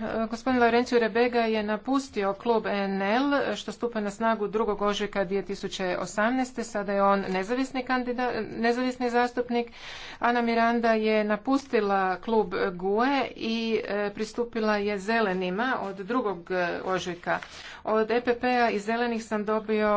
Eh, gospodin Laurencio Rebega je napustio klub NL eh, što stupa na snagu 2. ožujka 2018. Sada je on nezavisni, kandidat, nezavisni zastupnik. Ana Miranda je napustila klub GUE i eh, pristupila je zelenima od drugog ožujka. Od EPP-a i zelenih sam dobio